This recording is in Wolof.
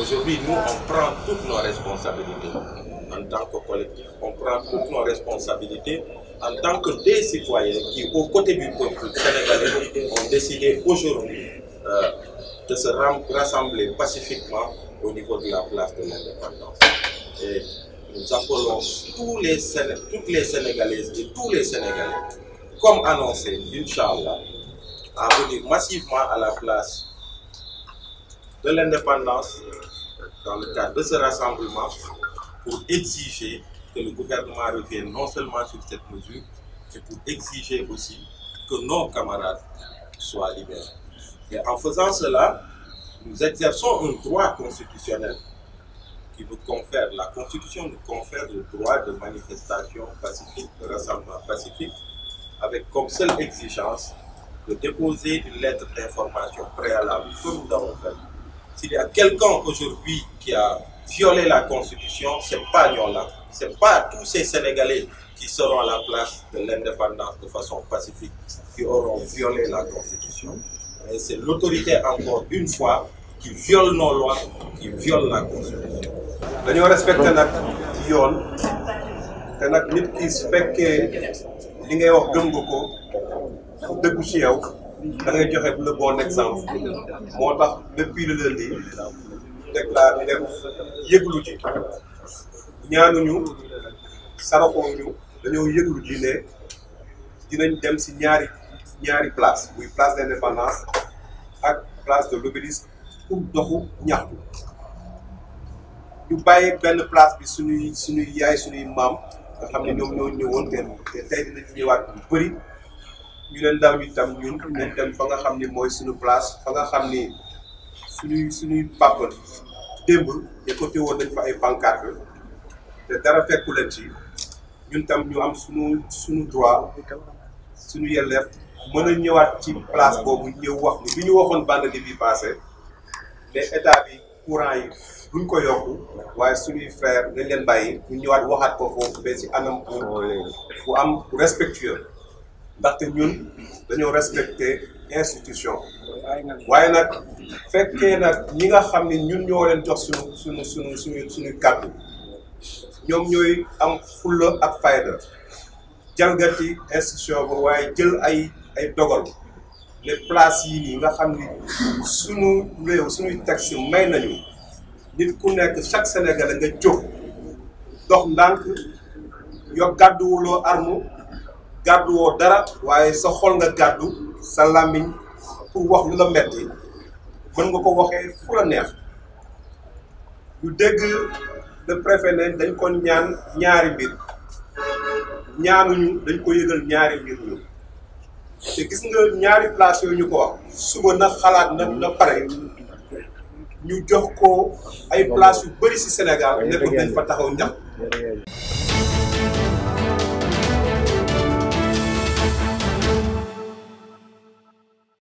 Aujourd'hui, nous, on prend toutes nos responsabilités en tant que collectif. On prend toutes nos responsabilités en tant que des citoyens qui, aux côtés du peuple sénégalais, ont décidé aujourd'hui euh, de se rassembler pacifiquement au niveau de la place de l'indépendance. Et nous appelons tous les toutes les Sénégalaises et tous les Sénégalais, comme annoncé, Inch'Allah, à venir massivement à la place de l'indépendance euh, dans le cadre de ce rassemblement pour exiger que le gouvernement revienne non seulement sur cette mesure, mais pour exiger aussi que nos camarades soient libérés. Et en faisant cela, nous exerçons un droit constitutionnel qui nous confère, la Constitution nous confère le droit de manifestation pacifique, de rassemblement pacifique, avec comme seule exigence de déposer une lettre d'information préalable, que nous avons fait s'il y a quelqu'un aujourd'hui qui a violé la Constitution, c'est pas Ce n'est pas tous ces Sénégalais qui seront à la place de l'indépendance de façon pacifique qui auront violé la Constitution. c'est l'autorité, encore une fois, qui viole nos lois, qui viole la Constitution. Nous respectons da ngay joxe le bon exemple moo tax depuis le lundi déclaré dem ñu ji ñaanuñu dañoo yëglu ji ne dinañ dem si ñaari ñaari place muy place d' indépendance ak place de l'Obélisque pour doxu ñaxtu ñu bàyyi benn place bi suñuy suñuy yaay suñuy maam nga xam ne ñoom ñoo ñëwoon te tey dinañ ñëwaat bu bëri ñu leen ndaw tam ñun dem fa nga xam ni suñu place fa nga xam ni suñuy suñuy papa démb woon nañ fa ay pancarte te dara fekku ci ñun tam ñu am suñu suñu droit suñu yelleef ñëwaat ci place boobu ñëw wax ni les ñu waxoon bi passé les bi courant yi duñ ko yokku waaye suñuy frère dañ leen bàyyi ñu ñëwaat waxaat ko foofu ba si anam respectueux parce ñun nous respecter institution Mais, nak fekke nak ñi nga xamni ñun ñoo leen jox suñu suñu suñu suñu suñu am ak fayda institution jël ay ay dogal Les places nga suñu may nañu nit ku nekk chaque sénégalais gàddu woo dara waaye sa xol nga gàddu sa làmmiñ pour wax lu la metti mën nga ko waxee fu la neex ñu dégg le préfet ne dañ ko ñaan ñaari mbir ñaanuñu dañ ko yëgal ñaari mbir ñu te gis nga ñaari place yooyu ñu ko wax suba na xalaat na na pare ñu jox ko ay place yu bari ci Sénégal nekk nañ fa taxaw ñax